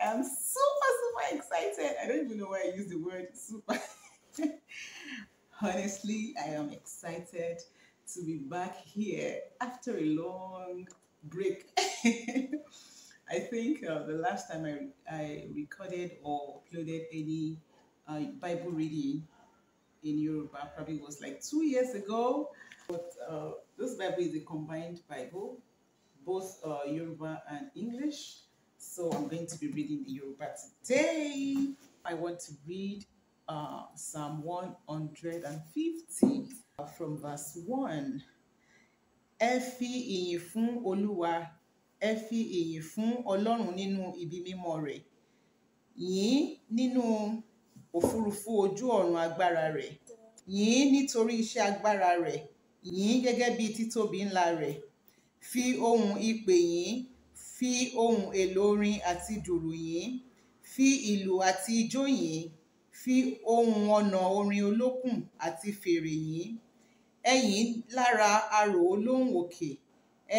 I'm super, super excited. I don't even know why I use the word super. Honestly, I am excited to be back here after a long break. I think uh, the last time I, I recorded or uploaded any uh, Bible reading in Yoruba probably was like two years ago. But uh, this Bible is a combined Bible, both uh, Yoruba and English. So I'm going to be reading the Yoruba today. I want to read uh, Psalm 150 uh, from verse 1. Ẹ fi ìyìn fún Olúwa, ẹ fi ìyìn fún Ọlọ́run nínú ibi mímọ́ rẹ̀. Yìn nínú òfurufú ojú ọ̀run agbára rẹ̀. Yìn nítorí iṣẹ́ agbara re, Yìn gẹ́gẹ́ bí títóbi ńlá re, Fi ohùn ìpè yìn fi ohun èlò orin àti dùrù yìn fi ìlù àti ijó yìn fi ohun ọ̀nà orin olókùn àti fèrè yìn ẹ yìn lára arò olóhùn òkè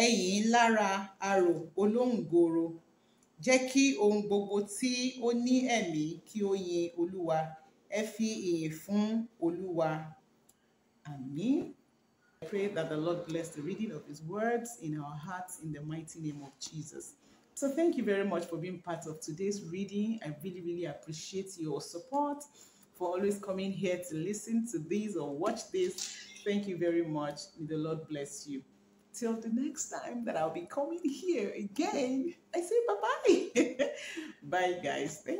ẹ yìn lára arò olóhùn goro jẹ́ kí ohun gbogbo tí ó ní ẹ̀mí kí ó yin olúwa ẹ fi ìyìn fún olúwa àmín. I pray that the Lord bless the reading of His words in our hearts in the mighty name of Jesus. So, thank you very much for being part of today's reading. I really, really appreciate your support for always coming here to listen to this or watch this. Thank you very much. May the Lord bless you. Till the next time that I'll be coming here again, I say bye bye. bye, guys. Thank